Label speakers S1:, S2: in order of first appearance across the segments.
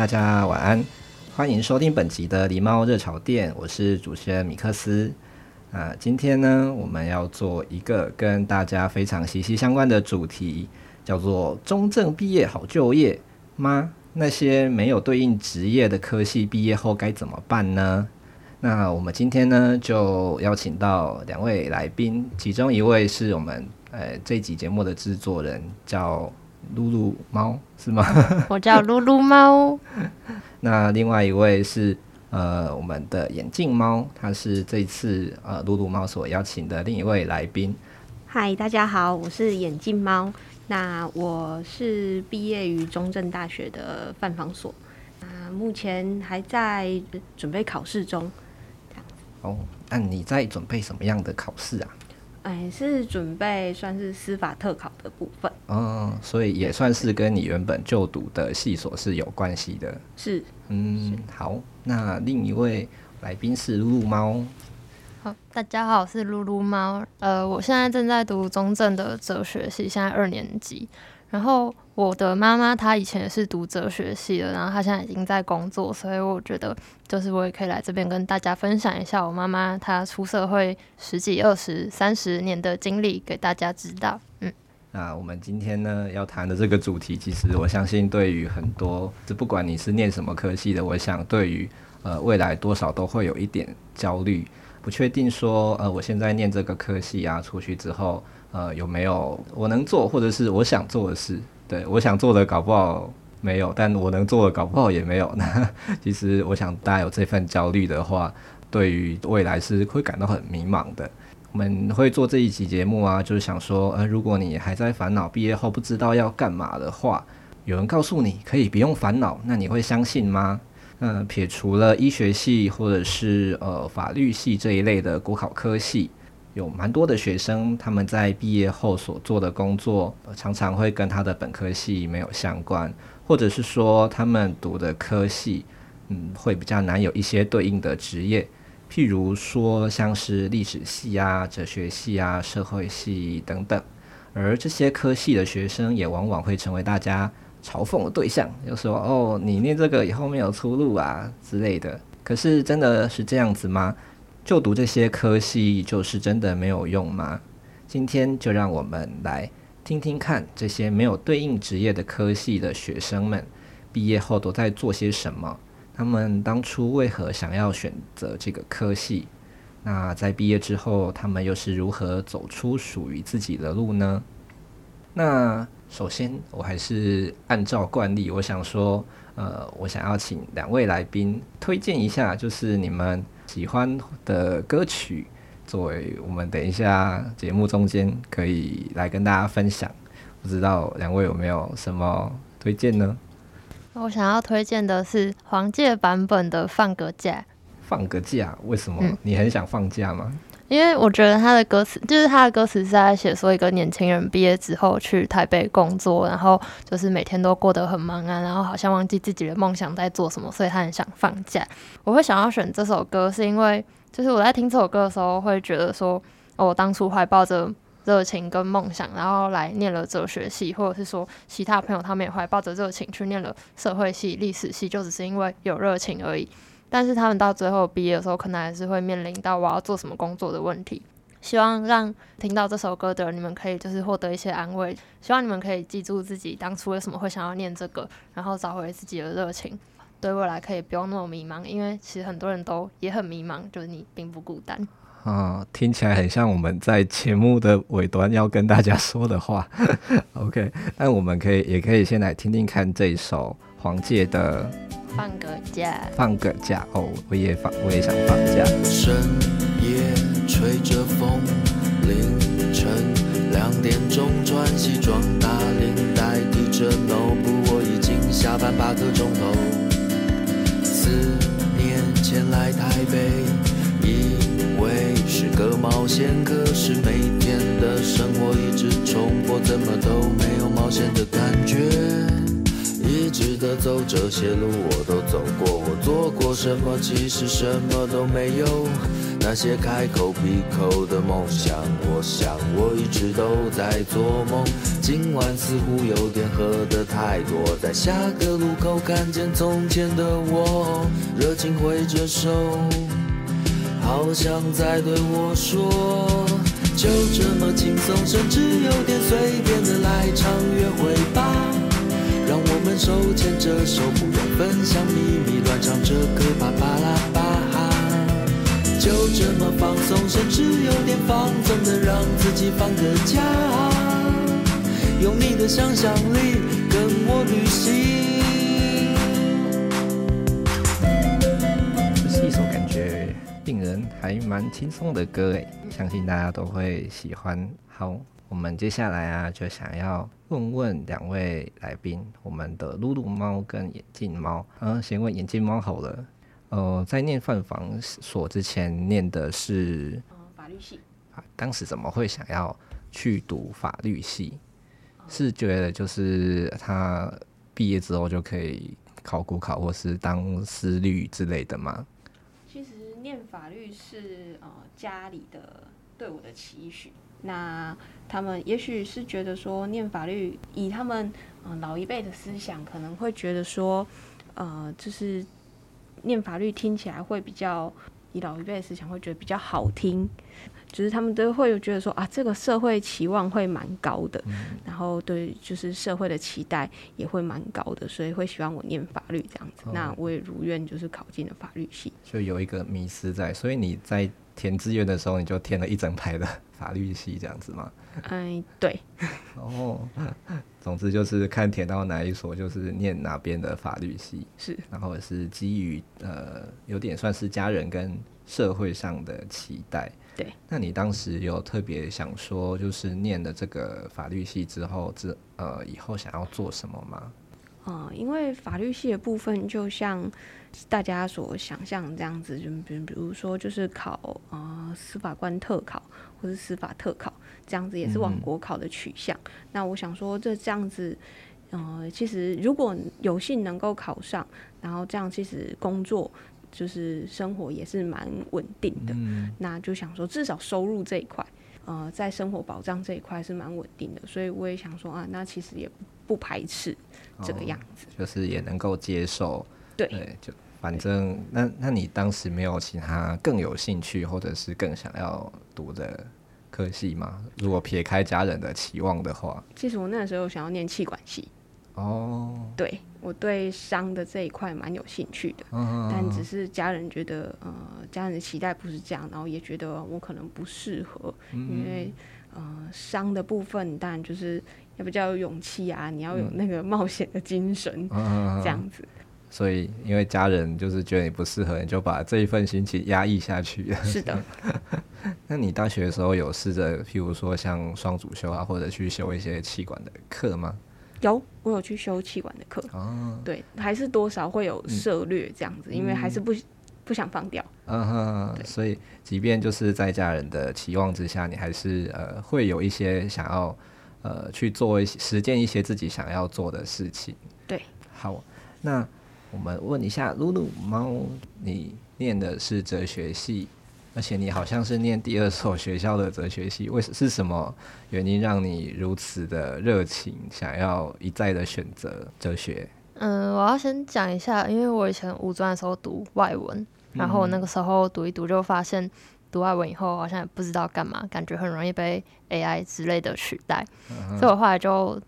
S1: 大家晚安，歡迎收聽本集的梨貓熱吵店，我是主持人彌克司。啊。今天呢，我們要做一個跟大家非常息息相關的主題，叫做“中正畢業好就業”嗎？那些沒有對應職業的科系畢業後該怎麼辦呢？那我們今天呢，就邀請到兩位來賓，其中一位是我們呃、哎、這集節目的制作人，叫嚕嚕貓是嗎？ 我叫
S2: 嚕嚕貓。
S1: 那另外一位是呃，我們的眼鏡貓，他是這次呃，嚕嚕貓所邀請的另一位來賓。
S3: 嗨，大家好，我是眼鏡貓。那我是畢業於中正大學的犯防所，那目前還在準備考試中。
S1: 哦，那你在準備什麼樣的考試啊？
S3: 哎，是準備算是司法特考的部分，嗯、
S1: 哦，所以也算是跟你原本就讀的系所是有關係的，對嗯、是，嗯，好，那另一位來賓是嚕嚕貓。
S2: 好，大家好，我是嚕嚕貓。呃，我現在正在讀中正的哲學系，現在二年級。然後我的媽媽她以前也是讀哲學系的，然後她現在已經在工作，所以我覺得就是我也可以來這邊跟大家分享一下我媽媽她出社會十幾、二十、三十年的經歷，給大家知道。嗯，
S1: 那我們今天呢要談的這個主題，其實我相信對於很多，就不管你是念什麼科系的，我想對於呃未來多少都會有一點焦慮，不確定說呃我現在念這個科系啊出去之後，呃，有沒有我能做或者是我想做的事？對我想做的，搞不好沒有；但我能做的，搞不好也沒有。那其實，我想大家有這份焦慮的話，對於未來是會感到很迷茫的。我們會做這一期節目啊，就是想說，呃，如果你還在煩惱畢業後不知道要幹嘛的話，有人告訴你可以不用煩惱，那你會相信嗎？那撇除了醫學系或者是呃，法律系這一類的國考科系。有蠻多的學生，他們在畢業後所做的工作，常常會跟他的本科系沒有相關，或者是說他們讀的科系，嗯，會比較難有一些對應的職業，譬如說像是歷史系啊、哲學系啊、社會系等等，而這些科系的學生也往往會成為大家嘲諷的對象，就說哦，你念這個以後沒有出路啊之類的。可是真的是這樣子嗎？就讀這些科系就是真的沒有用嗎？今天就讓我們來聽聽看這些沒有對應職業的科系的學生們，畢業後都在做些什麼？他們當初為何想要選擇這個科系？那在畢業之後，他們又是如何走出屬於自己的路呢？那首先，我還是按照慣例，我想說，呃，我想要請兩位來賓推薦一下，就是你們。喜歡的歌曲作為我們等一下節目中間可以來跟大家分享，不知道兩位有沒有什麼推薦呢？
S2: 我想要推薦的是黃玠版本的《放個假》。
S1: 放個假，為什麼？嗯，你很想放假嗎？
S2: 因為我覺得他的歌詞，就是他的歌詞是在寫說一個年輕人畢業之後去台北工作，然後就是每天都過得很忙啊，然後好像忘記自己的夢想在做什麼，所以他很想放假。我會想要選這首歌，是因為就是我在聽這首歌的時候，會覺得說，我，哦，當初懷抱着熱情跟夢想，然後來唸了哲學系，或者是說其他朋友他們也懷抱着熱情去唸了社會系、歷史系，就只是因為有熱情而已。但是他們到最後畢業的時候，可能還是會面臨到我要做什麼工作的問題。希望讓聽到這首歌的人，你們可以就是獲得一些安慰，希望你們可以記住自己當初為什麼會想要念這個，然後找回自己的熱情，對未來可以不用那麼迷茫，因為其實很多人都也很迷茫，就是你並不孤單。嗯，
S1: 聽起來很像我們在節目的尾端要跟大家說的話。 OK，那我們可以也可以先來聽聽看這一首。黃姐的
S2: 放個假。嗯、
S1: 放個
S4: 假哦！我也放，我也想放假。深夜吹着風，凌晨兩點鐘穿西裝打領帶，提着 n o 我已經下班八個鐘頭。四年前來台北，以為是個冒險，可是每天的生活一直重播，怎麼都沒有冒險的感覺。值得走這些路，我都走過。我做過什麼？其實什麼都沒有。那些開口閉口的夢想，我想我一直都在做夢。今晚似乎有點喝得太多，在下個路口看見從前的我，熱情揮着手，好像在對我說，就這麼輕鬆，甚至有點隨便的來唱。手牽着手，不用分享秘密亂唱著歌，巴巴啦巴哈、啊、就這麼放鬆，甚至有點放縱的讓自己放個假，用你的想象力跟我旅行。
S1: 這是一首感覺令人還蠻輕鬆的歌誒，相信大家都會喜歡。好，我們接下來啊，就想要問問兩位來賓，我們的嚕嚕貓跟眼鏡貓。嗯、啊，先問眼鏡貓好了。呃，在念犯防所之前，念的是
S4: 法律系，
S1: 啊。當時怎麼會想要去讀法律系？是覺得就是他畢業之後就可以考國考，或是當司律之類的嗎？
S3: 其實念法律是呃，家裡的對我的期許。那他們也許是覺得說念法律，以他們嗯、呃、老一輩的思想，可能會覺得說，呃，就是念法律聽起來會比較，以老一輩的思想會覺得比較好聽，就是他們都會有覺得說啊，這個社會期望會蠻高的，嗯、然後對，就是社會的期待也會蠻高的，所以會希望我念法律這樣子。哦、那我也如願就是
S1: 考進了法律系，就有一個迷思在，所以你在填志願的時候，你就填了一整排的法律系這樣子嗎？
S3: 哎、呃，對。
S1: 然後、哦，總之就是看填到哪一所，就是念哪邊的法律系。是，然後也是基於呃，有點算是家人跟社會上的期待。對。那你當時有特別想說，就是念了這個法律系之後，之呃以後想要做什麼嗎？
S3: 呃、因為法律系的部分，就像大家所想象這樣子就比比如說就是考啊、呃、司法官特考或是司法特考這樣子，也是往國考的取向。嗯、哼那我想說，這這樣子，呃，其實如果有幸能夠考上，然後這樣其實工作就是生活也是蠻穩定的。嗯、哼那就想說至少收入這一塊，呃，在生活保障這一塊是蠻穩定的，所以我也想說啊，那其實也不排斥。哦、這個樣子，
S1: 就是也能夠接受，對，對，就反正對那那你當時沒有其他更有興趣或者是更想要讀的科系嗎？如果撇開家人的期望的話，
S3: 其實我那時候想要念企管系。
S1: 哦，
S3: 對我對商的這一塊蠻有興趣的，嗯、啊啊但只是家人覺得呃，家人的期待不是這樣，然後也覺得我可能不適合，嗯嗯因為呃商的部分，但就是。比較有勇氣啊！你要有那個冒險的精神，嗯嗯嗯、這樣子。
S1: 所以，因為家人就是覺得你不適合，你就把這一份心情壓抑下去。是的。 那你大學的時候有試着，譬如說像雙主修啊，或者去修一些企管的課嗎？
S3: 有，我有去修企管的課。哦、啊。對，還是多少會有涉獵這樣子，嗯嗯、因為還是不不想放掉。
S1: 啊哈。所以，即便就是在家人的期望之下，你還是呃會有一些想要。呃，去做一些實踐一些自己想要做的事情。對，好，那我們問一下嚕嚕貓，你念的是哲學系，而且你好像是念第二所學校的哲學系，為是什麼原因讓你如此的熱情，想要一再的選擇哲學？嗯、
S2: 呃，我要先講一下，因為我以前五專的時候讀外文，然後我那個時候讀一讀，就發現。讀外文以後，好像也不知道幹嘛，感覺很容易被 AI 之類的取代，uh huh. 所以我後來就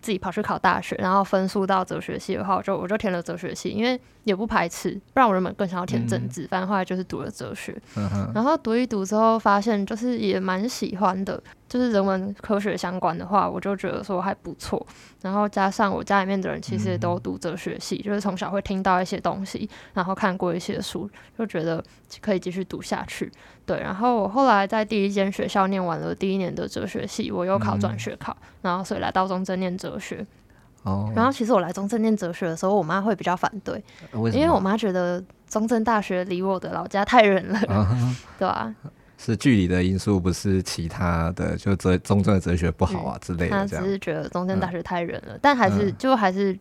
S2: 自己跑去考大學，然後分數到哲學系的話，我就我就填了哲學系，因為。也不排斥，不然我原本更想要填政治，反正、嗯、後來就是讀了哲學，啊、哈然後讀一讀之後發現就是也蠻喜歡的，就是人文科學相關的話，我就覺得說還不錯。然後加上我家裡面的人其實也都讀哲學系，嗯、就是從小會聽到一些東西，然後看過一些書，就覺得可以繼續讀下去。對，然後我後來在第一間學校念完了第一年的哲學系，我又考轉學考，嗯、然後所以來到中正念哲學。哦，然後其實我來中正念哲學的時候，我媽會比較反對，因為我媽覺得中正大學離我的老家太遠了，對吧？
S1: 是距離的因素，不是其他的，就中正的哲學不好啊之類的。她只
S2: 是覺得中正大學太遠了，但還是就還是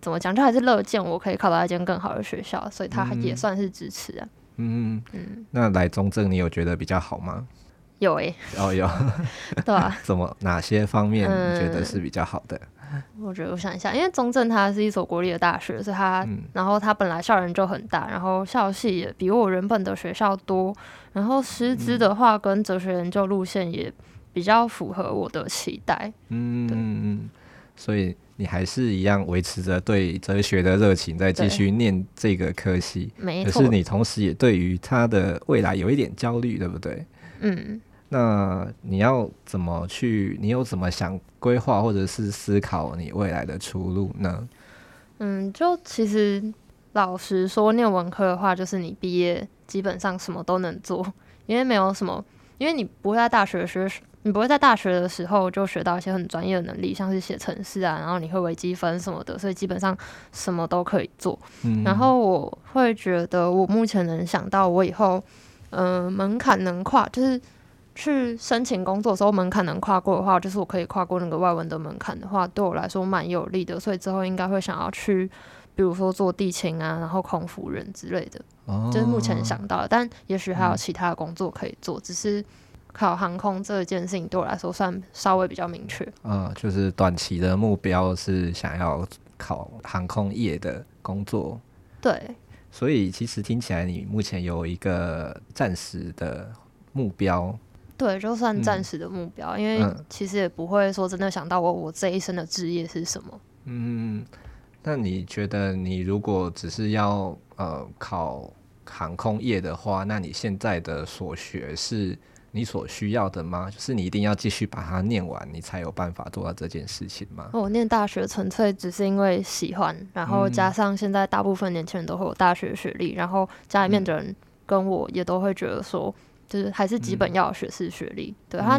S2: 怎麼講，就還是樂見我可以考到一間更好的學校，所以她也算是支持啊。嗯
S1: 嗯，那來中正你有覺得比較好嗎？有哎，哦有，對啊，怎麼哪些方面你覺得是比較好的？
S2: 我覺得，我想一下，因為中正它是一所國立的大學，所以他、嗯、然後他本來校園就很大，然後校系也比我原本的學校多，然後師資的話跟哲學研究路線也比較符合我的期待。
S1: 嗯嗯對所以你還是一樣維持着對哲學的熱情，在繼續念這個科系。沒對可是你同時也對於他的未來有一點焦慮，對不對？
S4: 嗯。
S1: 那你要怎麼去？你有怎麼想規劃或者是思考你未來的出路呢？嗯，
S2: 就其實老實說，念文科的話，就是你畢業基本上什麼都能做，因為沒有什麼，因為你不會在大學學，你不會在大學的時候就學到一些很專業的能力，像是寫程式啊，然後你會微積分什麼的，所以基本上什麼都可以做。嗯、哼然後我會覺得，我目前能想到我以後，嗯、呃，門檻能跨就是。去申請工作的時候，門檻能跨過的話，就是我可以跨過那個外文的門檻的話，對我來說蠻有利的。所以之後應該會想要去，比如說做地勤啊，然後空服人之類的，哦、就是目前想到的，但也許還有其他的工作可以做，嗯、只是考航空這一件事情對我來說算稍微比較明確。嗯，
S1: 就是短期的目標是想要考航空業的工作。對，所以其實聽起來你目前有一個暫時的目標。
S2: 對，就算暫時的目標，因為其實也不會說真的想到我我這一生的職業是什
S1: 麼。嗯，那你覺得你如果只是要呃考航空業的話，那你現在的所學是你所需要的嗎？就是你一定要繼續把它念完，你才有辦法做到這件事情嗎？
S2: 我念大學純粹只是因為喜歡，然後加上現在大部分年輕人都會有大學學歷，然後家裡面的人跟我也都會覺得說。嗯，嗯。就是還是基本要學士學歷，嗯、對，他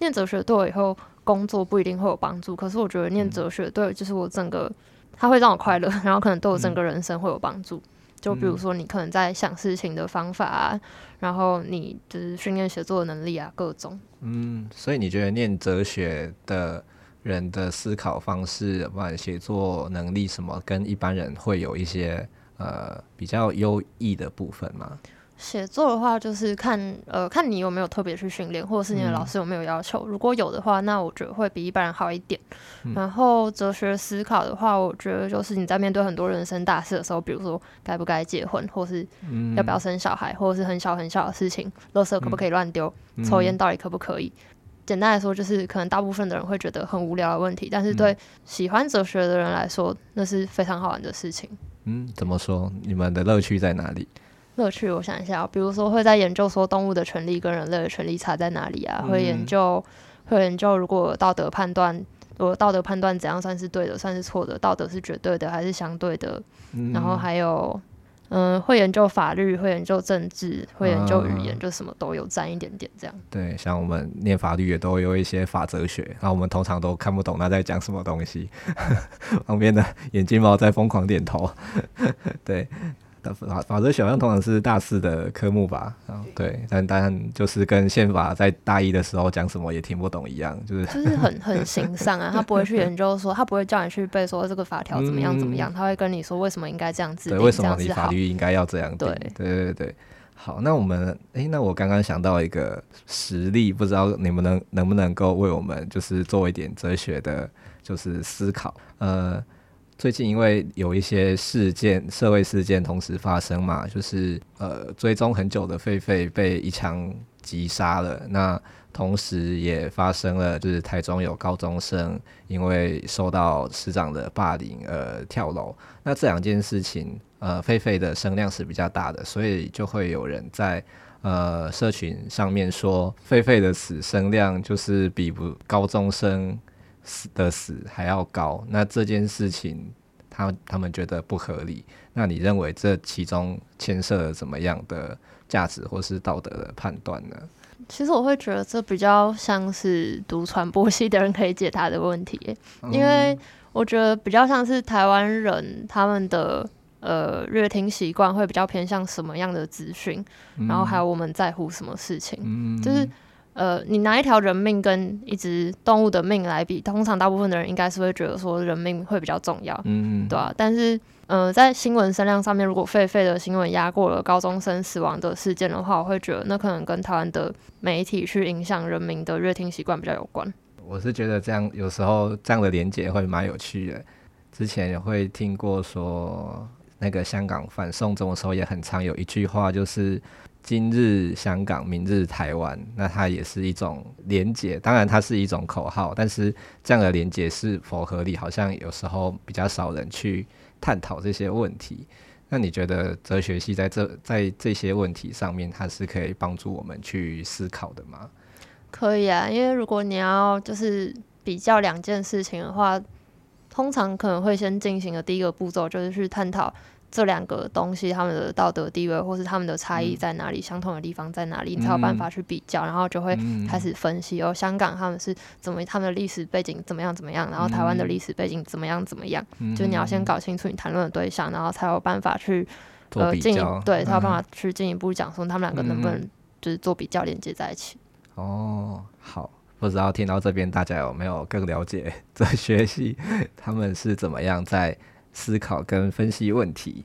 S2: 念哲學對我以後工作不一定會有幫助，嗯、可是我覺得念哲學對就是我整個它、嗯、會讓我快樂，然後可能對我整個人生會有幫助。嗯、就比如說你可能在想事情的方法啊，然後你就是訓練寫作的能力啊，各
S1: 種。嗯，所以你覺得念哲學的人的思考方式、不管寫作能力什麼，跟一般人會有一些呃比較優異的部分嗎？
S2: 寫作的話，就是看呃看你有沒有特別去訓練，或者是你的老師有沒有要求。嗯、如果有的話，那我覺得會比一般人好一點。嗯、然後哲學思考的話，我覺得就是你在面對很多人生大事的時候，比如說該不該結婚，或是要不要生小孩，嗯、或是很小很小的事情，垃圾可不可以亂丟，嗯、抽菸到底可不可以？嗯、簡單來說，就是可能大部分的人會覺得很無聊的問題，但是對喜歡哲學的人來說，那是非常好玩的事情。
S1: 嗯，怎麼說？你們的樂趣在哪裡？
S2: 樂趣，我想一下，比如說會在研究說動物的權利跟人類的權利差在哪裡啊？會研究，會研究如果道德判斷，如果道德判斷怎樣算是對的，算是錯的？道德是絕對的還是相對的？嗯、然後還有，嗯、呃，會研究法律，會研究政治，會研究語言，就、嗯、什麼都有沾一點點這樣。
S1: 對，像我們念法律也都有一些法哲學，然後我們通常都看不懂他在講什麼東西。 旁邊的眼鏡貓在瘋狂點頭。 對。法法則選項通常是大四的科目吧，嗯、哦，對，但當然就是跟憲法在大一的時候講什麼也聽不懂一樣，就是就是很很形
S2: 上啊。 他不會去研究說，他不會叫你去背說這個法條怎麼樣怎麼樣，嗯、他會跟你說為什麼應該這樣子。對，為什麼你法律
S1: 應該要這樣，這樣子？對，對對對。好，那我們誒、欸，那我剛剛想到一個實例，不知道你們能能不能夠為我們就是做一點哲學的，就是思考，呃。最近因為有一些事件，社會事件同時發生嘛，就是呃追蹤很久的狒狒被一槍擊殺了，那同時也發生了就是台中有高中生因為受到師長的霸凌而，呃，跳樓，那這兩件事情呃狒狒的聲量是比較大的，所以就會有人在呃社群上面說狒狒的死聲量就是比不高中生。死的死還要高，那這件事情他他們覺得不合理，那你認為這其中牽涉了什麼樣的價值或是道德的判斷呢？
S2: 其實我會覺得這比較像是讀傳播系的人可以解答的問題，嗯、因為我覺得比較像是台灣人他們的呃閱聽習慣會比較偏向什麼樣的資訊，嗯、然後還有我們在乎什麼事情，嗯、就是。呃，你拿一條人命跟一隻動物的命來比，通常大部分的人應該是會覺得說人命會比較重要，嗯嗯，對啊。但是，呃，在新聞聲量上面，如果狒狒的新聞壓過了高中生死亡的事件的話，我會覺得那可能跟台灣的媒體去影響人民的閱聽習慣比較有關。
S1: 我是覺得這樣，有時候這樣的連接會蠻有趣的。之前也會聽過說，那個香港反送中的時候也很常有一句話，就是。今日香港，明日台灣，那它也是一種連接，當然，它是一種口號，但是這樣的連接是否合理，好像有時候比較少人去探討這些問題。那你覺得哲學系在這在這些問題上面，它是可以幫助我們去思考的嗎？
S2: 可以啊，因為如果你要就是比較兩件事情的話，通常可能會先進行的第一個步驟就是去探討。這兩個東西，他們的道德地位，或是他們的差異在哪裡，嗯、相同的地方在哪裡，你才有辦法去比較，嗯、然後就會開始分析。哦，嗯、香港他們是怎麼，他們的歷史背景怎麼樣怎麼樣，嗯、然後台灣的歷史背景怎麼樣怎麼樣，嗯、就你要先搞清楚你談論的對象，嗯、然後才有辦法去呃進，對，才有辦法去進一步講說，嗯、他們兩個能不能就是做比較，連接在一起。
S1: 哦，好，不知道聽到這邊大家有沒有更了解這學系他們是怎麼樣在。思考跟分析問題，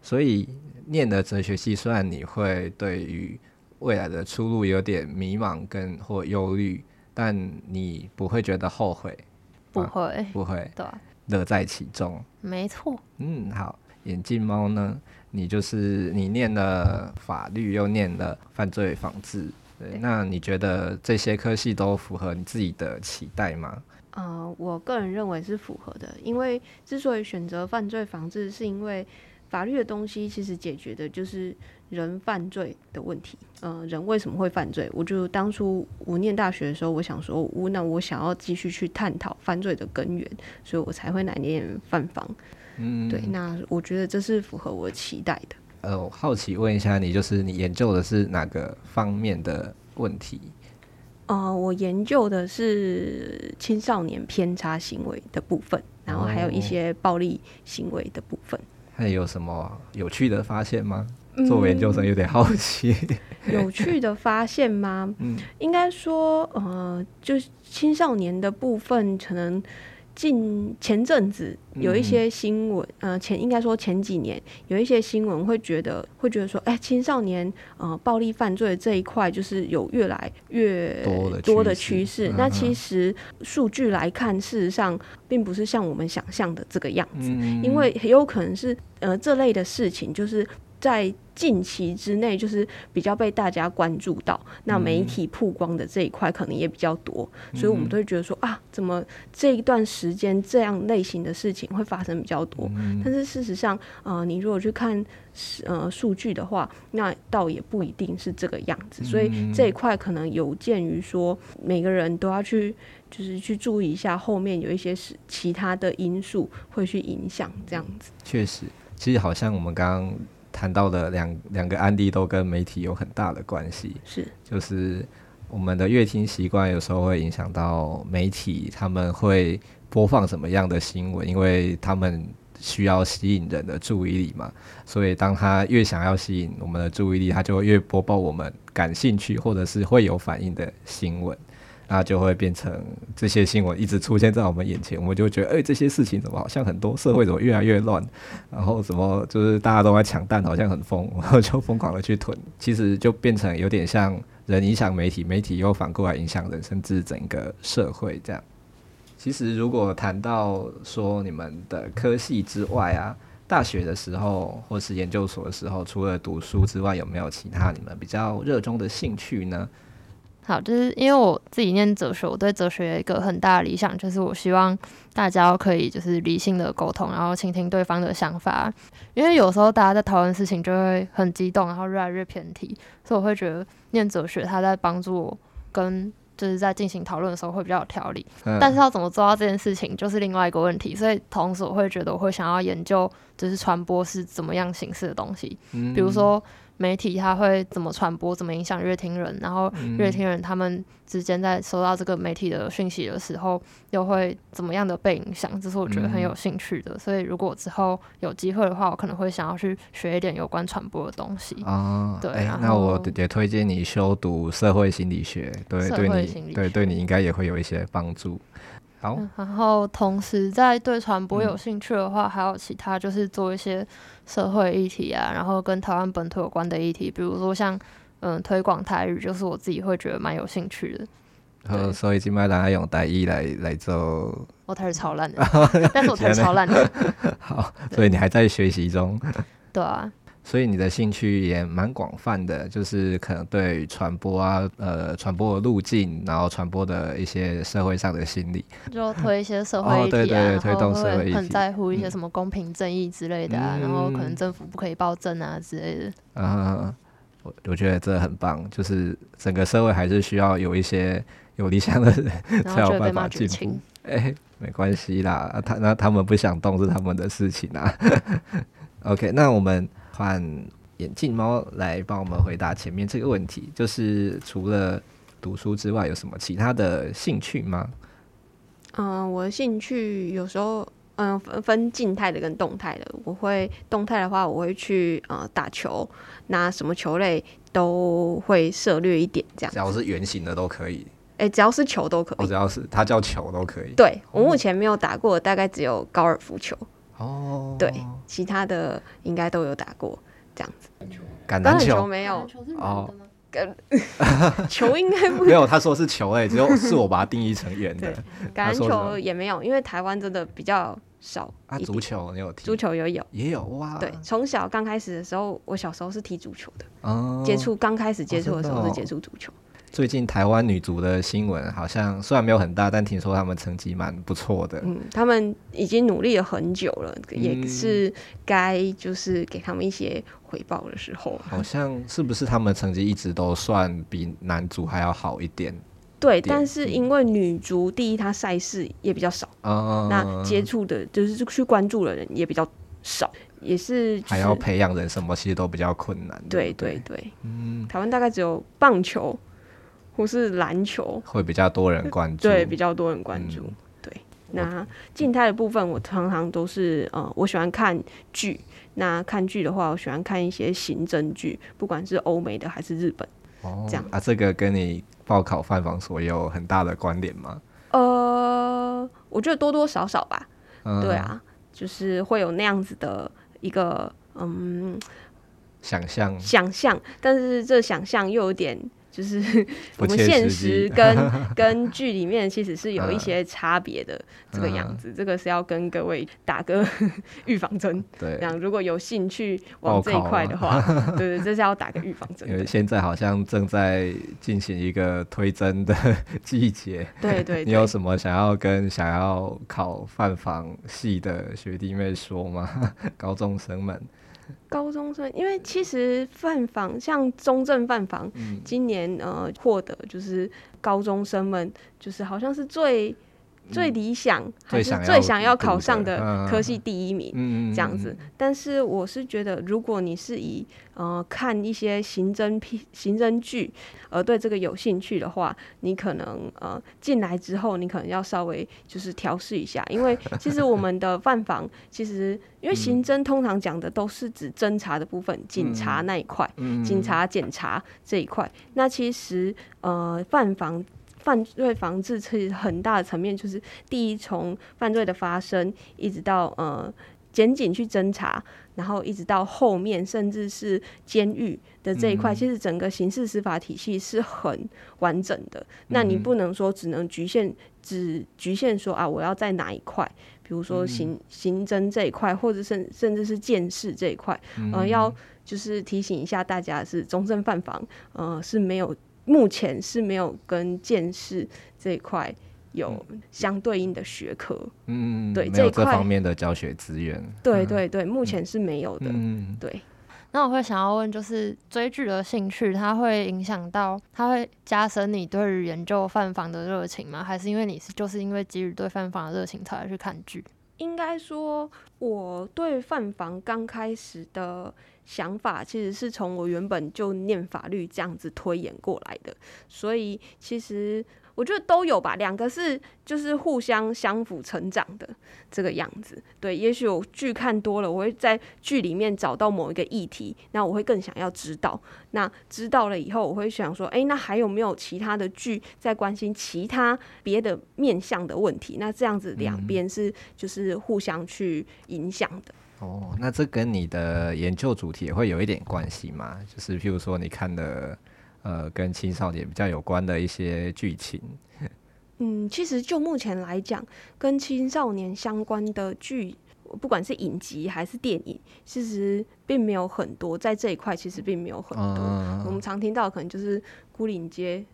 S1: 所以念了哲學系，雖然你會對於未來的出路有點迷茫，跟或憂慮，但你不會覺得後悔，啊、不會，不會，對，樂在其中，
S2: 沒錯。
S1: 嗯，好，眼鏡貓呢？你就是你念了法律又念了犯罪防治，對，那你覺得這些科系都符合你自己的期待嗎？
S3: 呃，我個人認為是符合的，因為之所以選擇犯罪防治，是因為法律的東西其實解決的就是人犯罪的問題。嗯、呃，人為什麼會犯罪？我就當初我念大學的時候，我想說，那我想要繼續去探討犯罪的根源，所以我才會來念犯防。
S1: 嗯，對，
S3: 那我覺得這是符合我期待的。
S1: 呃，我好奇問一下你，就是你研究的是哪個方面的問題？
S3: 哦、呃，我研究的是青少年偏差行為的部分，然後還有一些暴力行為的部分。
S1: 哦、還有什麼有趣的發現嗎？嗯、作為研究生有點好奇，有趣
S3: 的發現嗎？ 嗯、應該說，呃，就是青少年的部分可能。近前陣子有一些新聞，嗯、呃，前應該說前幾年有一些新聞，會覺得會覺得說，哎、欸，青少年呃暴力犯罪這一塊就是有越來越多的趨勢。嗯嗯，那其實數據來看，事實上並不是像我們想象的這個樣子，因為很有可能是呃這類的事情就是。在近期之內，就是比較被大家關注到，那媒體曝光的這一塊可能也比較多，嗯、所以我們都會覺得說啊，怎麼這一段時間這樣類型的事情會發生比較多？嗯、但是事實上，啊、呃，你如果去看呃數據的話，那倒也不一定是這個樣子。所以這一塊可能有鑒於說，每個人都要去就是去注意一下，後面有一些是其他的因素會去影響這樣子。
S1: 確實，其實好像我們剛剛。談到的兩兩個案例都跟媒體有很大的關係，是，就是我們的閱聽習慣有時候會影響到媒體，他們會播放什麼樣的新聞，因為他們需要吸引人的注意力嘛，所以當他越想要吸引我們的注意力，他就會越播報我們感興趣或者是會有反應的新聞。那就會變成這些新聞一直出現在我們眼前，我們就覺得，誒、欸，這些事情怎麼好像很多，社會怎麼越來越亂？然後怎麼就是大家都在搶蛋，好像很瘋，然後就瘋狂的去囤，其實就變成有點像人影響媒體，媒體又反過來影響人，甚至整個社會這樣。其實如果談到說你們的科系之外啊，大學的時候或是研究所的時候，除了讀書之外，有沒有其他你們比較熱衷的興趣呢？好，就是因為
S2: 我自己念哲學，我對哲學有一個很大的理想就是，我希望大家可以就是理性的溝通，然後傾聽對方的想法。因為有時候大家在討論事情就會很激動，然後越來越偏題，所以我會覺得念哲學，它在幫助我跟就是在進行討論的時候會比較有條理。嗯、但是要怎麼做到這件事情，就是另外一個問題。所以同時我會覺得我會想要研究，就是傳播是怎麼樣形式的東西，嗯、比如說。媒體他會怎麼傳播，怎麼影響閱聽人？然後閱聽人他們之間在收到這個媒體的訊息的時候，又會怎麼樣的被影響？這是我覺得很有興趣的。嗯、所以如果之後有機會的話，我可能會想要去學一點有關傳播的東西。哦、對，哎、呀後那我
S1: 也推薦你修讀社會心理學，對，對，對你，對，對你應該也會有一些幫助。好
S2: 嗯、然後，同時在對傳播有興趣的話，嗯、還有其他就是做一些社會議題啊，然後跟台灣本土有關的議題，比如說像嗯推廣台語，就是我自己會覺得蠻有興趣的。
S1: 好，所以今麥丹愛用台語來來做，
S2: 我是超爛的， 但是我
S1: 才是超爛的。 好，所以你還在學習中。 對，對啊。所以你的興趣也蠻廣泛的，就是可能對傳播啊，呃，傳播的路徑，然後傳播的一些社會上的心理，
S2: 就推一些社會議題、啊哦、對對，對推動社會，會會很在乎一些什麼公平正義之類的啊，嗯、然後可能政府不可以暴政啊之類的、嗯、
S1: 啊。我我覺得這很棒，就是整個社會還是需要有一些有理想的人，人，才就被罵絕情，哎，沒關係啦，啊、他那他們不想動是他們的事情啦、啊。哈哈。OK，那我們。換眼鏡貓來幫我們回答前面這個問題，就是除了讀書之外，有什麼其他的興趣嗎？嗯、
S3: 呃，我的興趣有時候嗯、呃、分靜態的跟動態的，我會動態的話，我會去呃打球，那什麼球類都會涉獵一點，這樣只要是
S1: 圓形的都可以，
S3: 哎、欸，只要是球都可以，哦、
S1: 只要是它叫球都可以。對，
S3: 哦、我目前沒有打過，大概只有高爾夫球。哦，oh. 對，其他的應該都有打過這樣子。
S1: 橄欖球，球沒有，橄欖球沒有、哦、 球應該該 沒有，他說是球類、欸，只有是我把它定義成圓的。
S3: 橄欖球也沒有，因為台灣真的比較少啊。足
S1: 球你有踢？
S3: 足球有有也有、啊，也有哇。對，從小剛開始的時候，我小時候是踢足球的。
S1: 哦。Oh. 接觸
S3: 剛開始接觸的時候是接觸足球。Oh,
S1: 最近台灣女足的新聞好像雖然沒有很大，但聽說他們成績蠻不錯的。嗯，
S3: 他們已經努力了很久了，嗯、也是該就是給他們一些回報的時
S1: 候。好像是不是他們成績一直都算比男足還要好一點點？
S3: 對，但是因為女足第一，她賽事也比較少啊，嗯、那接觸的就是去關注的人也比較少，也是、就是、還要培
S1: 養人什麼，其實都比較困難，
S3: 對不對？對對對，嗯，台灣大概只有棒球，或是籃球
S1: 會比較多人關注， 對，比
S3: 較多人關注。嗯、對，那靜態的部分，我常常都是，呃，我喜歡看劇。那看劇的話，我喜歡看一些刑偵劇，不管是歐美的還是日本，哦、這樣
S1: 啊。這個跟你報考犯防所有很大的關聯嗎？
S3: 呃，我覺得多多少少吧。
S1: 嗯、對啊，
S3: 就是會有那樣子的一個嗯
S1: 想象像，
S3: 想象，但是這想象又有點。就是我們現實跟跟劇裡面其實是有一些差別的這個樣子，這個是要跟各位打個預防針。對，如果有興趣往這一塊的話，對對，這是要打個預防針。因為
S1: 現在好像正在進行一個推甄的季節，對對。你有什麼想要跟想要考犯防系的學弟妹說嗎？高中生們？
S3: 高中生，因為其實飯房，像中正飯房，嗯、今年呃獲得就是高中生們就是好像是最最理想還是最想要考上的科系第一名，嗯、這樣子。嗯嗯、但是我是覺得，如果你是以呃看一些刑偵片、刑偵劇而對這個有興趣的話，你可能呃進來之後，你可能要稍微就是調適一下，因為其實我們的犯防其實 因為刑偵通常講的都是指偵查的部分，嗯、警察那一塊，嗯、警察檢查這一塊。那其實呃犯防。犯罪防治是很大的層面，就是第一，從犯罪的發生，一直到呃，檢警去偵查，然後一直到後面，甚至是監獄的這一塊，其實整個刑事司法體系是很完整的。那你不能說只能局限只局限說啊，我要在哪一塊，比如說刑刑偵這一塊，或者甚甚至是監視這一塊，呃，要就是提醒一下大家，是中正犯防，呃是沒有。目前是沒有跟鑑識這一塊有相對應的學科，嗯，
S4: 對，沒有這方面
S1: 的教學資源。對，
S3: 對對對，嗯，目前是沒有的。嗯，對。那我會想要問，就
S2: 是追劇的興趣，它會影響到，它會加深你對於研究犯防的熱情嗎？還是因為你是就是因為基於對犯防的熱情才去看劇？
S3: 應該說，我對犯防剛開始的想法其實是從我原本就念法律這樣子推演過來的，所以其實我覺得都有吧，兩個是就是互相相輔成長的這個樣子。對，也許我劇看多了，我會在劇裡面找到某一個議題，那我會更想要知道。那知道了以後，我會想說，哎、欸，那還有沒有其他的劇在關心其他別的面向的問題？那這樣子兩邊是就是互相去影響的。嗯
S1: 哦，那這跟你的研究主題也會有一點關係嗎？就是譬如說，你看的，呃，跟青少年比較有關的一些劇情。
S3: 嗯，其實就目前來講，跟青少年相關的劇，不管是影集還是電影，其實並沒有很多。在這一塊，其實並沒有很
S4: 多。嗯、我們常
S3: 聽到可能就是《牯嶺街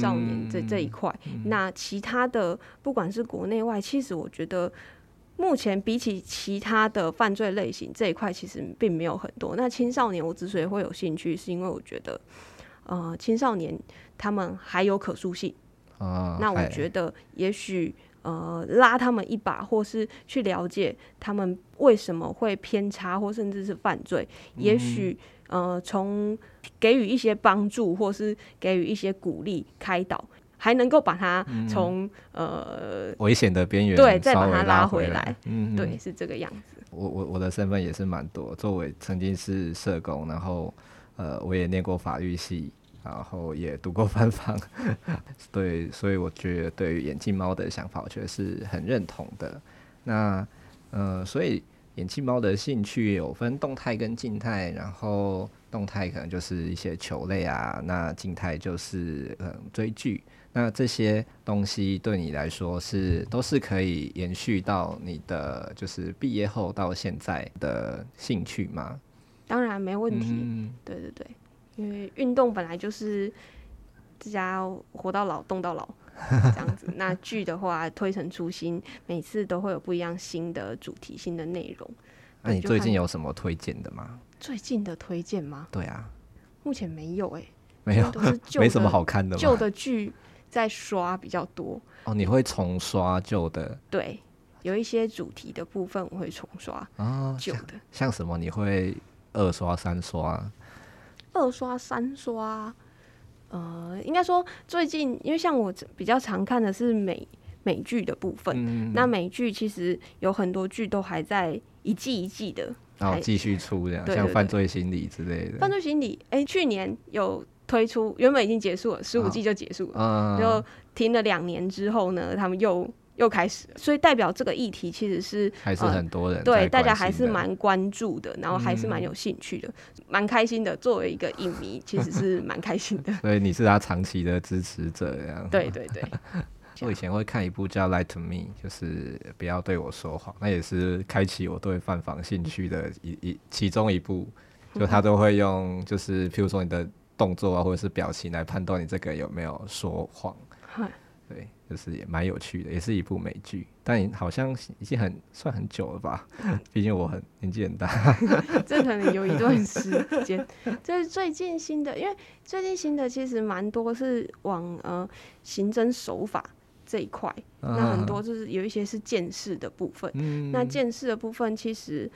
S4: 少年》這這一
S3: 塊，嗯嗯、那其他的，不管是國內外，其實我覺得。目前比起其他的犯罪類型這一塊，其實並沒有很多。那青少年我之所以會有興趣，是因為我覺得，呃，青少年他們還有可塑性、
S2: 啊、那我覺
S3: 得也許、哎、呃拉他們一把，或是去了解他們為什麼會偏差或甚至是犯罪，嗯哼。也許呃從給予一些幫助或是給予一些鼓勵開導還能夠把它從、嗯、呃
S1: 危險的邊緣，對，再把它拉回來。嗯哼，對，是這個樣子。我我我的身份也是蠻多，作為曾經是社工，然後呃我也念過法律系，然後也讀過犯防。 對，所以我覺得對於眼鏡貓的想法，我覺得是很認同的。那呃，所以眼鏡貓的興趣有分動態跟靜態，然後動態可能就是一些球類啊，那靜態就是呃追劇。那這些東西對你來說是都是可以延續到你的，就是畢業後到現在的興趣嗎？
S3: 當然沒問題。嗯、對對對，因為運動本來就是這家活到老動到老這樣子。 那劇的話，推陳出新，每次都會有不一樣新的主題、新的內容。那你、啊、你最近有
S1: 什麼推薦的嗎？
S3: 最近的推薦嗎？對啊，目前沒有誒、欸，沒有，都是舊的 沒什麼好看的舊的劇。在刷比較多
S1: 哦？你會重刷舊的？
S3: 對，有一些主題的部分我會重刷舊的。哦像，
S1: 像什麼你會二刷、三刷？
S3: 二刷、三刷，呃，應該說最近，因為像我比較常看的是美美劇的部分，嗯、那美劇其實有很多劇都還在一季一季的，然後繼
S1: 續出這樣，對對對，像《犯罪心理》之類的，《犯罪
S3: 心理》哎，、欸，去年有。推出，原本已經結束了，十五季就結束了，嗯、就停了兩年之後呢，他們又又開始了，所以代表這個議題其實是還是很
S1: 多人、呃、對大家還是蠻
S3: 關注的，然後還是蠻有興趣的，蠻、嗯、開心的。作為一個影迷， 其實是蠻開心的。
S1: 所以你是他長期的支持者，這樣對對對。我以前會看一部叫《Lie to Me》，就是不要對我說謊，那也是開啟我對犯防興趣的一一 其中一部，就他都會用，就是譬如說你的。動作啊，或者是表情來判斷你這個有沒有說謊。對，就是也蠻有趣的，也是一部美劇。但好像已經很算很久了吧？ 畢竟我很年紀很大。 這可能有一段時
S3: 間。這 是最近新的，因為最近新的其實蠻多是往呃刑偵手法這一塊。啊、那很多就是有一些是鑑識的部分。嗯、那鑑識的部分其實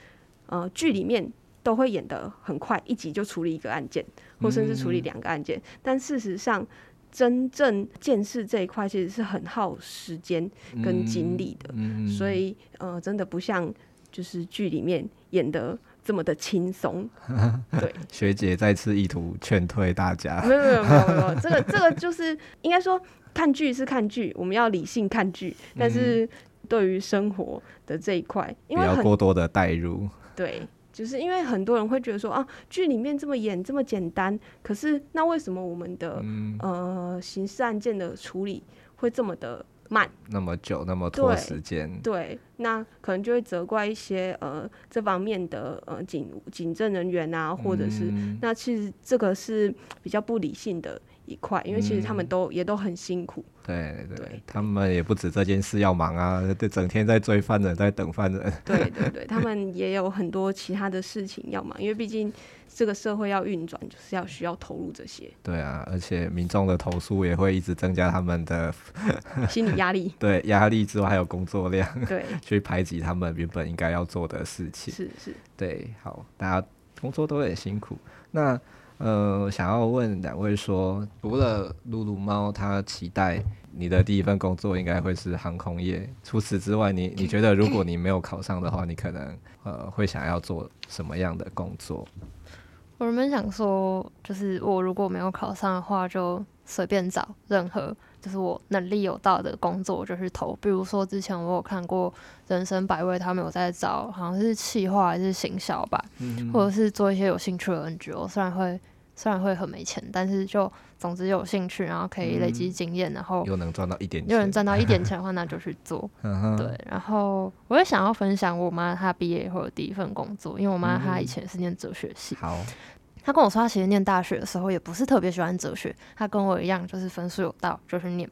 S3: 呃劇裡面，都會演得很快，一集就處理一個案件，或甚至處理兩個案件。嗯、但事實上，真正見識這一塊其實是很耗時間跟精力的。嗯嗯、所以，呃，真的不像就是劇裡面演得這麼的輕鬆。呵呵，
S1: 對，學姐再次意圖勸退大家。沒有沒有沒有沒有， 這個這個
S3: 就是應該說看劇是看劇，我們要理性看劇。但是對於生活的這一塊，嗯、不要過多的帶入。對。就是因為很多人會覺得說啊，劇裡面這麼演這麼簡單，可是那為什麼我們的、嗯、呃刑事案件的處理會這麼的慢？
S1: 那麼久，那麼拖時間？
S3: 對，那可能就會責怪一些呃這方面的呃警警政人員啊，或者是、嗯、那其實這個是比較不理性的。一塊，因為其實他們都、嗯、也都很辛苦。對，
S1: 對對，對，他們也不止這件事要忙啊，對，整天在追犯人，在等犯人。對對對， 他
S3: 們也有很多其他的事情要忙，因為畢竟這個社會要運轉，就是要需要投入這些。
S1: 對啊，而且民眾的投訴也會一直增加他們的 心理壓力。對，壓力之外，還有工作量， 對，去排擠他們原本應該要做的事情。是是。對，好，大家工作都很辛苦。那。呃，想要問兩位說，除了嚕嚕貓，他期待你的第一份工作應該會是航空業。除此之外你，你你覺得如果你沒有考上的話，你可能呃會想要做什麼樣的工作？
S2: 我原本想說，就是我如果沒有考上的話，就隨便找任何就是我能力有到的工作就去、是、投。比如說之前我有看過《人生百味》，他們有在找，好像是企劃還是行銷吧，嗯、哼或者是做一些有興趣的 NGO。我雖然會。雖然會很沒錢，但是就總之有興趣，然後可以累積經驗，嗯、然後
S1: 又能賺到一點錢，又能賺到一點錢
S2: 的話， 那就去做。嗯、
S1: 哼對，
S2: 然後我也想要分享我媽她畢業後的第一份工作，因為我媽她以前是念哲學系，嗯、好，她跟我說她其實念大學的時候也不是特別喜歡哲學，她跟我一樣就是分數有到就是念，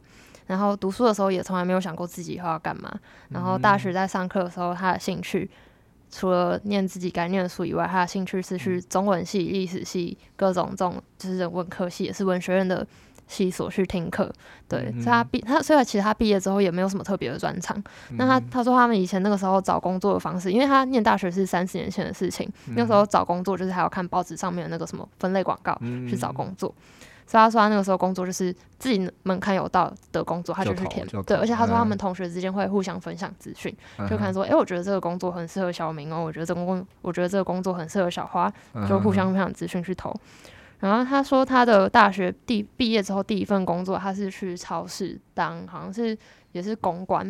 S2: 然後讀書的時候也從來沒有想過自己以後要幹嘛，然後大學在上課的時候她的興趣。除了念自己該念的書以外，他的興趣是去中文系、歷史系、各種這種就是文科系，也是文學院的系所去聽課。對，嗯、哼所以他畢他雖然其實他畢業之後也沒有什麼特別的專長。嗯、哼那他他說他們以前那個時候找工作的方式，因為他念大學是三十年前的事情，嗯、哼那個時候找工作就是還要看報紙上面的那個什麼分類廣告去、嗯、哼找工作。所以，他說：“他那個時候工作就是自己門檻有到的工作，他就去填。對。嗯、而且他說他們同學之間會互相分享資訊，嗯、就可能說，誒、嗯欸，我覺得這個工作很適合小明哦、喔，我覺得這個工，我覺得這個工作很適合小花，嗯、就互相分享資訊去投。嗯嗯、然後他說，他的大學第畢業之後第一份工作，他是去超市當，好像是也是公關、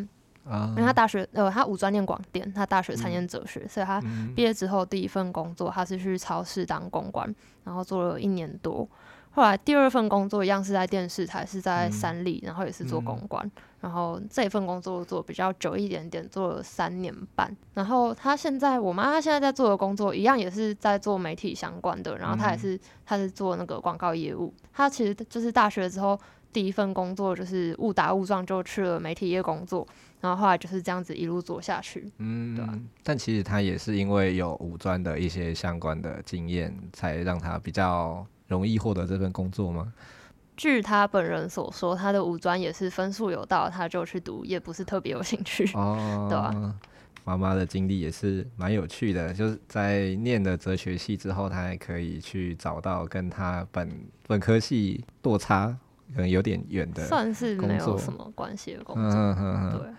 S2: 嗯、
S4: 因為他
S2: 大學呃，他五專念廣電，他大學參念哲學，嗯、所以他畢業之後第一份工作，他是去超市當公關，然後做了一年多。”後來第二份工作一樣是在電視台，是在三立，嗯、然後也是做公關。嗯、然後這一份工作做比較久一點點，做了三年半。然後他現在，我媽她現在在做的工作一樣也是在做媒體相關的。然後她也是，她是做那個廣告業務。她、嗯、其實就是大學之後第一份工作就是誤打誤撞就去了媒體業工作，然後後來就是這樣子一路做下去。嗯，
S1: 對、啊、但其實她也是因為有五專的一些相關的經驗，才讓她比較容易獲得這份工作嗎？
S2: 據他本人所說，他的五專也是分數有到，他就去讀，也不是特別有興趣
S1: 哦。 對啊，媽媽的經歷也是蠻有趣的，就是在念了哲學系之後，他還可以去找到跟他本本科系落差可能有點遠的，算是沒有什麼關係的工作、啊、哈哈對，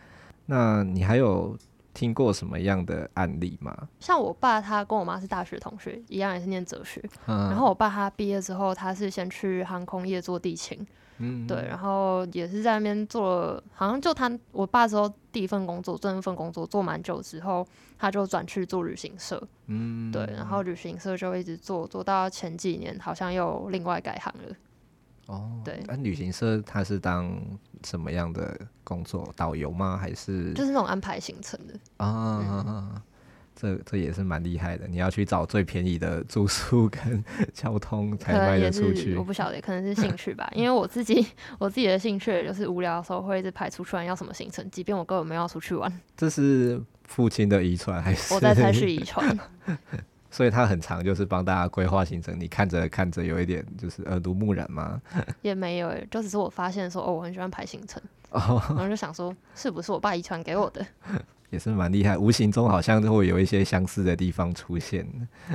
S1: 那你還有？聽過什麼樣的案例嗎？
S2: 像我爸，他跟我媽是大學同學，一樣也是念哲學。啊、然後我爸他畢業之後，他是先去航空業做地勤。嗯
S1: 哼，對，然
S2: 後也是在那邊做了，好像就他我爸之後第一份工作，第一份工作做蠻久之後，他就轉去做旅行社。嗯，對，然後旅行社就一直做，做到前幾年好像又另外改行了。哦，對，那旅
S1: 行社他是當什麼樣的工作？導遊嗎？還是就是那
S2: 種安排行程的
S1: 啊？嗯、這這也是蠻厲害的。你要去找最便宜的住宿跟交通才賣得出去。我不曉
S2: 得，可能是興趣吧。 因為我自己我自己的興趣就是無聊的時候會一直排出去玩，要什麼行程，即便我根本沒有要出去玩。
S1: 這是父親的遺傳，還是我在猜是遺傳？ 所以他很常，就是幫大家規劃行程。你看着看着，有一點就是耳濡目染嗎？
S2: 也沒有、欸、就只是我發現說，哦，我很喜歡排行程， 然後就想說，是不是我爸遺傳給我的？
S1: 也是蠻厲害，無形中好像就會有一些相似的地方出現。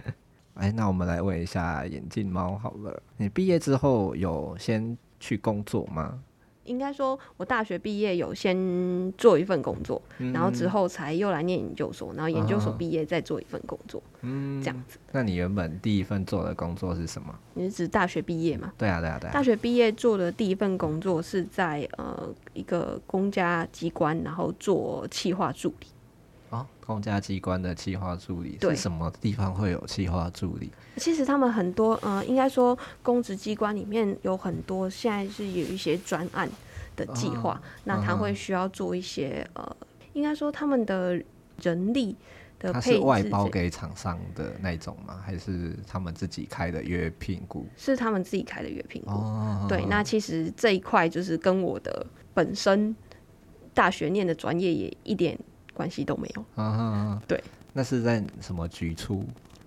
S1: 哎，那我們來問一下眼鏡貓好了，你畢業之後有先去工作嗎？
S3: 應該說，我大學畢業有先做一份工作，嗯、然後之後才又來念研究所，然後研究所畢業再做一份工作，
S1: 嗯，這樣子。那你原本第一份做的工作是什麼？你
S3: 是指大學畢業嗎？嗯、對啊
S1: 對啊對啊，對啊，對啊！大學
S3: 畢業做的第一份工作是在呃一個公家機關，然後做企劃助理。
S1: 哦、公家機關的企劃助理對是什麼地方會有企劃助理？
S3: 其實他們很多，呃，應該說公職機關裡面有很多現在是有一些專案的計劃，嗯、那他會需要做一些，嗯、呃，應該說他們的人力的配置，他是外包給
S1: 廠商的那種嗎？還是他們自己開的約評估？
S3: 是他們自己開的約評估。嗯、對，那其實這一塊就是跟我的本身大學念的專業也一點關係都沒有
S1: 啊哈！對，那是在什麼局處？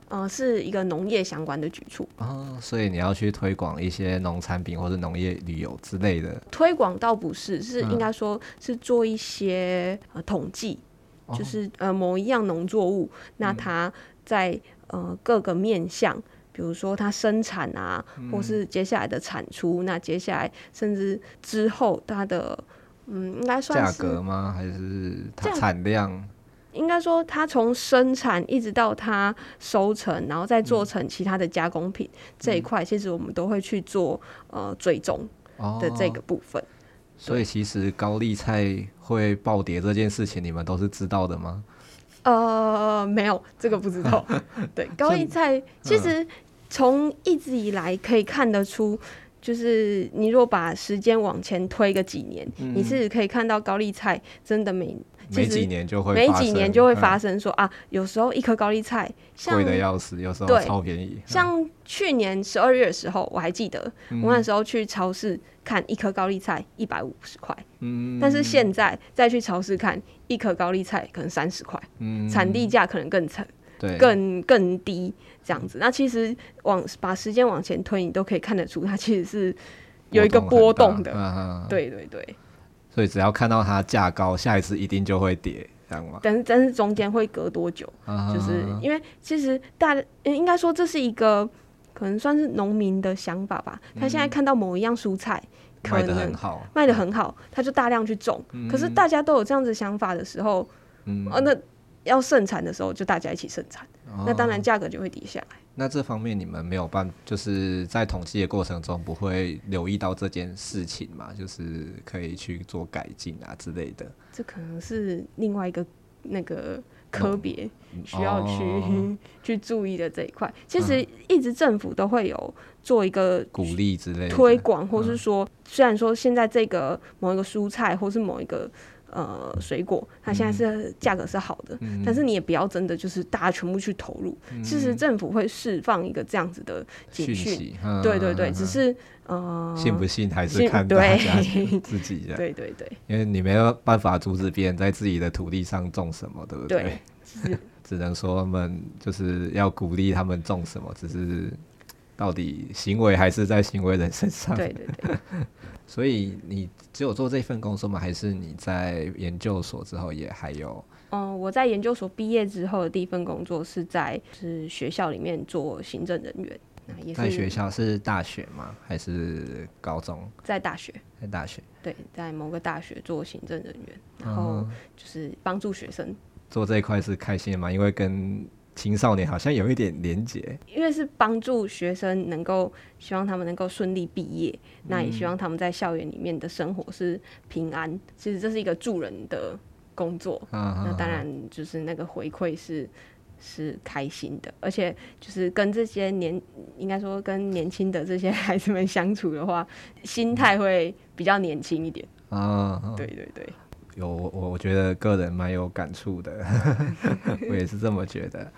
S1: 嗯、
S3: 呃，是一個農業相關的局處、
S1: 啊、所以你要去推廣一些農產品或是農業旅遊之類的
S3: 推廣？倒不是，是應該說是做一些，啊、呃統計，就是呃某一樣農作物，哦、那它在呃各個面向，比如說它生產啊，或是接下來的產出，嗯、那接下來甚至之後它的。嗯，應該算價格
S1: 嗎？還是它產量？
S3: 應該說，它從生產一直到它收成，然後再做成其他的加工品，嗯、這一塊，其實我們都會去做呃追蹤的這個部分。哦、
S1: 對所以，其實高麗菜會暴跌這件事情，你們都是知道的嗎？
S3: 呃，沒有，這個不知道。
S1: 對，高麗
S3: 菜其實從一直以來可以看得出。就是你若把時間往前推個幾年，嗯、你是可以看到高麗菜真的每每幾年就會發生，每幾年就會發生說、嗯、啊，有時候一顆高麗菜貴的要
S1: 死，有時候超便宜。對嗯、
S3: 像去年十二月的時候，我還記得、嗯、我那時候去超市看一顆高麗菜一百五十塊，
S1: 嗯、
S4: 但是現
S3: 在再去超市看一顆高麗菜可能三十塊，嗯、產地價可能更慘。對，更更低這樣子，那其實往把時間往前推，你都可以看得出，它其實是有一個波動的。波動很大。對對對。
S1: 所以只要看到它價高，下一次一定就會跌，這樣嗎？但
S3: 是但是中間會隔多久？啊、哈就是因為其實大應該說這是一個可能算是農民的想法吧。他現在看到某一樣蔬菜，嗯、可能賣得很好，嗯、賣得很好，他就大量去種。嗯、可是大家都有這樣子想法的時候，嗯啊那。要盛產的時候，就大家一起盛產，哦、那當然價格就會低下來。
S1: 那這方面你們沒有辦，就是在統計的過程中不會留意到這件事情嘛？就是可以去做改進啊之類的。
S3: 這可能是另外一個那個科別
S1: 需要去、
S3: 嗯哦、去注意的這一塊。其實一直政府都會有做一個、嗯、
S1: 鼓勵之類的推廣，
S3: 嗯、或是說，雖然說現在這個某一個蔬菜，或是某一個。呃，水果它現在是價格是好的，嗯、但是你也不要真的就是大家全部去投入。嗯、其實政府會釋放一個這樣子的訊息，呵呵對對對，只是呃，信不信還是看大家自己的。對對對，
S1: 因為你沒有辦法阻止別人在自己的土地上種什麼，對不對？對 只能說他們就是要鼓勵他們種什麼，只是。到底行為還是在行為人身上？對對對。 所以你只有做這份工作嗎？還是你在研究所之後也還有？
S3: 嗯，我在研究所畢業之後的第一份工作是在是學校裡面做行政人員。那也是。在學
S1: 校是大學嗎？還是高中？
S3: 在大學。在大學。對，在某個大學做行政人員，然後就是幫助學生。嗯。
S1: 做這一塊是開心的嗎？因為跟。青少年好像有一點連結，
S3: 因為是幫助學生能夠，希望他們能夠順利畢業，嗯、那也希望他們在校園裡面的生活是平安。其實這是一個助人的工作，啊啊啊啊，那當然就是那個回饋是是開心的，而且就是跟這些年應該說跟年輕的這些孩子們相處的話，心態會比較年輕一點啊。嗯、
S1: 對對對，有我我覺得個人蠻有感觸的， 我也是這麼覺得。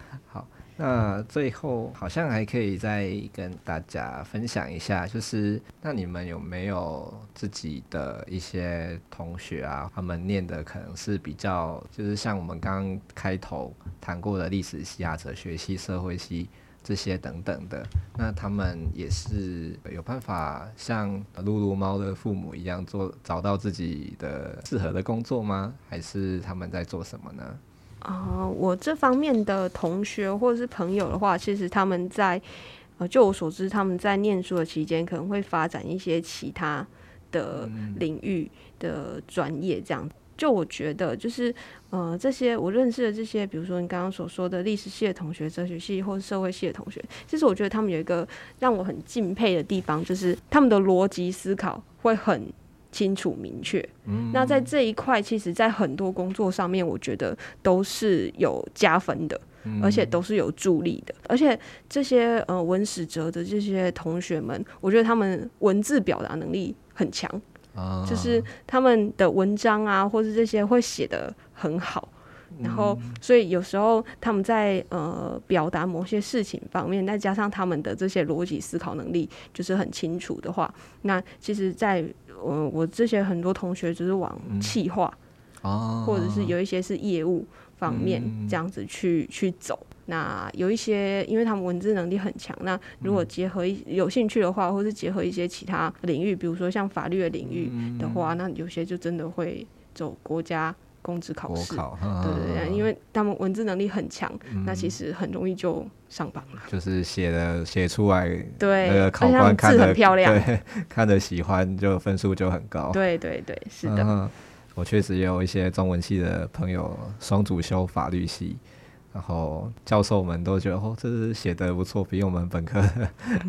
S1: 那最後好像還可以再跟大家分享一下，就是那你們有沒有自己的一些同學啊？他們念的可能是比較，就是像我們剛開頭談過的歷史系啊、哲學系、社會系這些等等的，那他們也是有辦法像嚕嚕貓的父母一樣做，找到自己的適合的工作嗎？還是他們在做什麼呢？
S3: 啊、呃，我這方面的同學或者是朋友的話，其實他們在呃，就我所知，他們在念書的期間可能會發展一些其他的領域的專業。這樣，就我覺得，就是呃，這些我認識的這些，比如說你剛剛所說的歷史系的同學、哲學系或者社會系的同學，其實我覺得他們有一個讓我很敬佩的地方，就是他們的邏輯思考會很。清楚明確，嗯、那在這一塊，其實，在很多工作上面，我覺得都是有加分的，嗯、而且都是有助力的。而且這些呃文史哲的這些同學們，我覺得他們文字表達能力很強，啊、就是他們的文章啊，或是這些會寫得很好。然後，嗯、所以有時候他們在呃表達某些事情方面，再加上他們的這些邏輯思考能力就是很清楚的話，那其實，在我我這些很多同學就是往企劃，
S4: 嗯啊、或者是
S3: 有一些是業務方面這樣子去、嗯、去走。那有一些，因為他們文字能力很強，那如果結合一有興趣的話，或是結合一些其他領域，比如說像法律的領域的話，那有些就真的會走國家。公職考試，國考呵呵對對，對因為他們文字能力很強，嗯、那其實很容易就上榜了，
S1: 啊。就是寫的寫出來，對，考官看着漂亮，對看着喜歡，就分數就很高。對對對，是的。啊、我確實也有一些中文系的朋友雙主修法律系，然後教授們都覺得哦，這是寫的不錯，比我們本科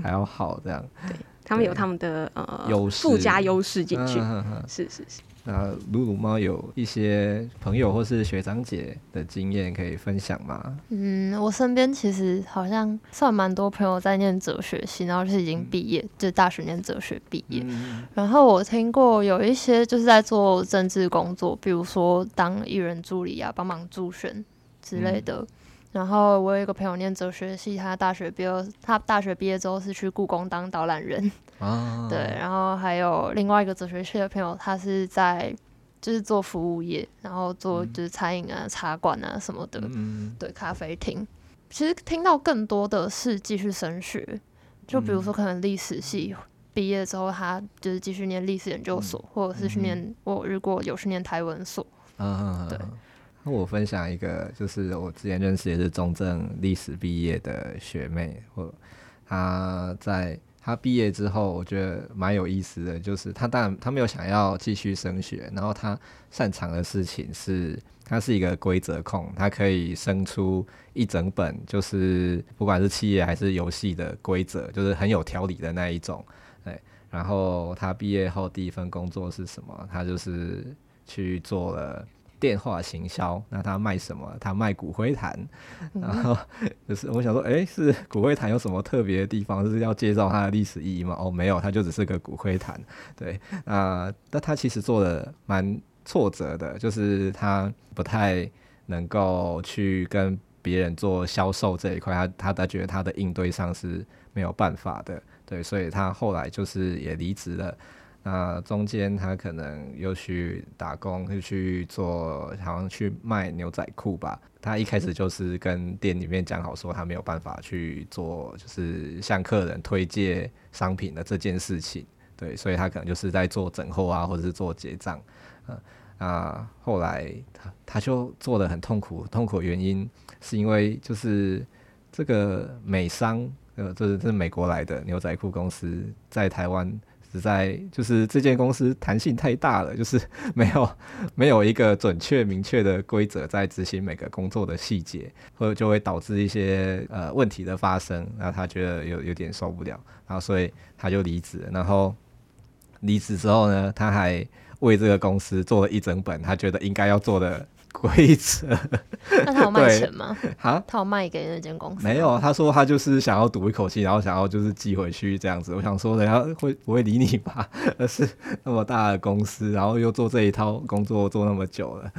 S1: 還要好。這樣，
S3: 對，對他們有他們的呃優勢附加優勢進去，啊、呵呵是是是。
S1: 那嚕嚕貓有一些朋友或是學長姐的經驗可以分享嗎？
S2: 嗯，我身邊其實好像算蠻多朋友在念哲學系，然後是已經畢業，嗯、就大學念哲學畢業。嗯、然後我聽過有一些就是在做政治工作，比如說當藝人助理啊，幫忙助選之類的。嗯然後我有一個朋友念哲學系，他大學畢業，他大學畢業之後是去故宮當導覽人啊。 對，然後還有另外一個哲學系的朋友，他是在就是做服務業，然後做就是餐飲啊、嗯、茶館啊什麼的，嗯、對，咖啡廳。其實聽到更多的是繼續升學，就比如說可能歷史系、嗯、畢業之後，他就是繼續念歷史研究所，嗯、或者是去念，嗯、我如果有去念台文所，嗯
S1: 對。嗯嗯對我分享一個，就是我之前認識也是中正歷史畢業的學妹，或她在她畢業之後，我覺得蠻有意思的，就是她當然她沒有想要繼續升學，然後她擅長的事情是，她是一個規則控，她可以生出一整本，就是不管是企業還是遊戲的規則，就是很有條理的那一種。對，然後她畢業後第一份工作是什麼？她就是去做了。電話行銷，那他賣什麼？他賣骨灰壇，然後就是我想說，哎、欸，是骨灰壇有什麼特別的地方？就是要介紹它的歷史意義嗎？哦，沒有，它就只是個骨灰壇。對，啊、呃，但他其實做的蠻挫折的，就是他不太能夠去跟別人做銷售這一塊，他他他覺得他的應對上是沒有辦法的。對，所以他後來就是也離職了。啊，中間他可能又去打工，又去做，好像去賣牛仔褲吧。他一開始就是跟店裡面講好說，他沒有辦法去做，就是向客人推薦商品的這件事情。對，所以他可能就是在做整貨啊，或者是做結賬。啊、呃呃，後來他他就做得很痛苦，痛苦原因是因為就是這個美商，呃，這、就是這、就是美國來的牛仔褲公司在台灣。實在就是，這間公司彈性太大了，就是沒有沒有一個準確明確的規則在執行每個工作的細節，或者就會導致一些呃問題的發生。然後他覺得有有點受不了，然後所以他就離職。然後離職之後呢，他還為這個公司做了一整本，他覺得應該要做的。規則？那他有賣錢嗎？啊，他
S2: 有賣給那間公司？沒有，他
S1: 說他就是想要賭一口氣，然後想要就是寄回去這樣子。我想說，人家會不會理你吧？而是那麼大的公司，然後又做這一套工作做那麼久了，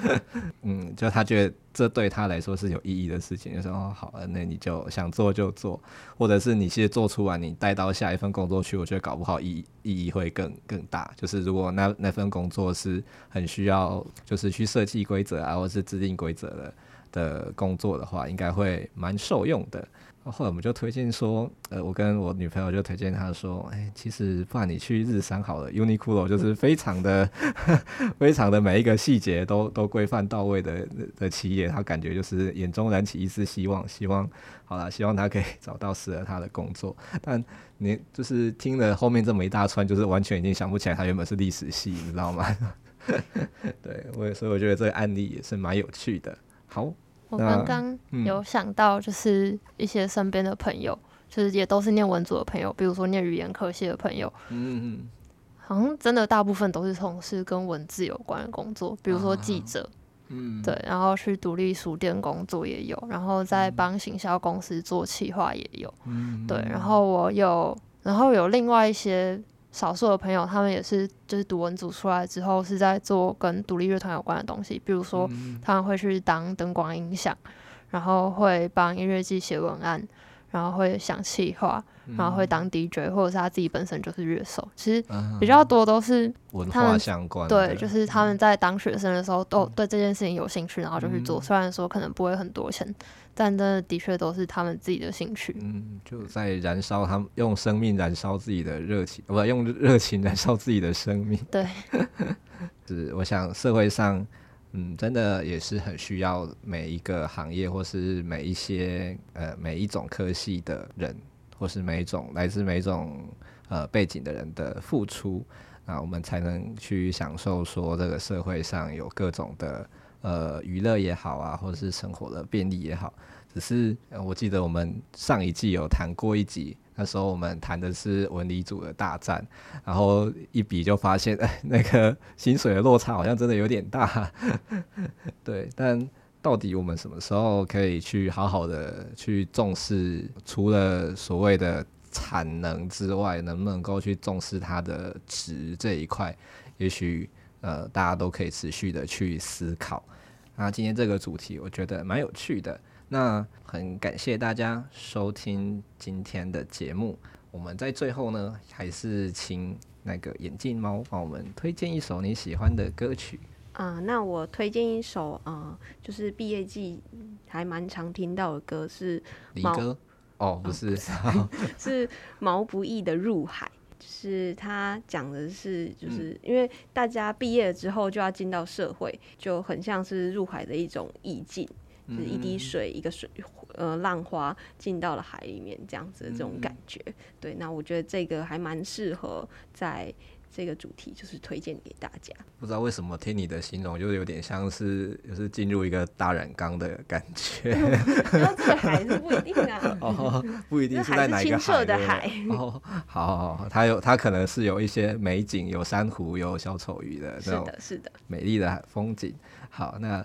S1: 嗯，就他覺得。這對他來說是有意義的事情，就是說，好了，那你就想做就做，或者是你其實做出來，你帶到下一份工作去，我覺得搞不好意意義會更更大。就是如果那那份工作是很需要，就是去設計規則啊，或者是制定規則的，的工作的話，應該會蠻受用的。後來我們就推薦說，呃，我跟我女朋友就推薦他說，哎、欸，其實不然，你去日商好了，UNIQLO 就是非常的、 非常的每一個細節都都規範到位的的企業，他感覺就是眼中燃起一絲希望，希望好了，希望他可以找到適合他的工作。但你就是聽了後面這麼一大串，就是完全已經想不起來他原本是歷史系，你知道嗎？ 對，我所以我覺得這個案例也是蠻有趣的。好。我剛剛有
S2: 想到，就是一些身邊的朋友，嗯、就是也都是念文組的朋友，比如說念語言科系的朋友，
S4: 嗯嗯、
S2: 好像真的大部分都是從事跟文字有關的工作，比如說記者，啊嗯、對，然後去獨立書店工作也有，然後在幫行銷公司做企劃也有，嗯、對，然後我有，然後有另外一些。少數的朋友，他們也是就是讀文組出來之後，是在做跟獨立樂團有關的東西，比如說他們會去當燈光音響，然後會幫音樂劇寫文案，然後會想企劃，然後會當 DJ，或者是他自己本身就是樂手。其實比較多都是他們，啊，文化相關，對，就是他們在當學生的時候都對這件事情有興趣，然後就去做。雖然說可能不會很多錢。但這的，的，確都是他們自己的興趣。嗯，
S1: 就在燃燒，他們用生命燃燒自己的熱情，不是，用熱情燃燒自己的生命。 對， 是。我想社會上，嗯，真的也是很需要每一個行業或是每一些呃每一種科系的人，或是每一種來自每一種呃背景的人的付出啊，我們才能去享受說這個社會上有各種的。呃，娛樂也好啊，或者是生活的便利也好，只是，呃、我記得我們上一季有談過一集，那時候我們談的是文理組的大戰，然後一比就發現，哎，那個薪水的落差好像真的有點大。 對，但到底我們什麼時候可以去好好的去重視，除了所謂的產能之外，能不能夠去重視它的值這一塊？也許呃，大家都可以持續的去思考。啊，那今天這個主題我覺得蠻有趣的。那很感謝大家收聽今天的節目。我們在最後呢，還是請那個眼鏡貓幫我們推薦一首你喜歡的歌曲。啊、
S3: 呃，那我推薦一首啊、呃，就是畢業季還蠻常聽到的歌是《離歌》。
S1: 哦，不是，
S3: 哦、 是毛不易的《入海》。是他講的是，就是因為大家畢業之後就要進到社會，就很像是入海的一種意境，就是一滴水，一個水，呃，浪花進到了海裡面這樣子的這種感覺。對，那我覺得這個還蠻適合在。這個主題就是推薦給大家。
S1: 不知道為什麼聽你的形容，就有點像是，就是進入一個大染缸的感覺。 這海是不一定啊、 哦，不一定是在哪一個海對對。 清澈的海 哦，好好好，它有它可能是有一些美景，有珊瑚，有小丑魚的那種的， 是的，是的，美麗的風景。好，那。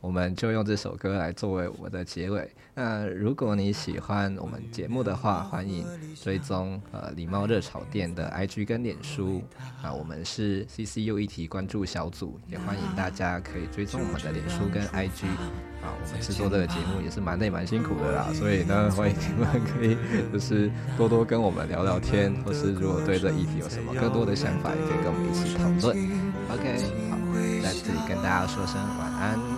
S1: 我們就用這首歌來作為我們的結尾。那如果你喜歡我們節目的話，歡迎追蹤呃“梨貓熱吵店”的 IG 跟臉書啊，我們是 CCU 議題關注小組，也歡迎大家可以追蹤我們的臉書跟 IG 啊。我們製作這個節目也是蠻累蠻辛苦的啦，所以呢，歡迎你們可以就是多多跟我們聊聊天，或是如果對這議題有什麼更多的想法，也可以跟我們一起討論。
S4: OK，好，在這裡
S1: 跟大家說聲晚安。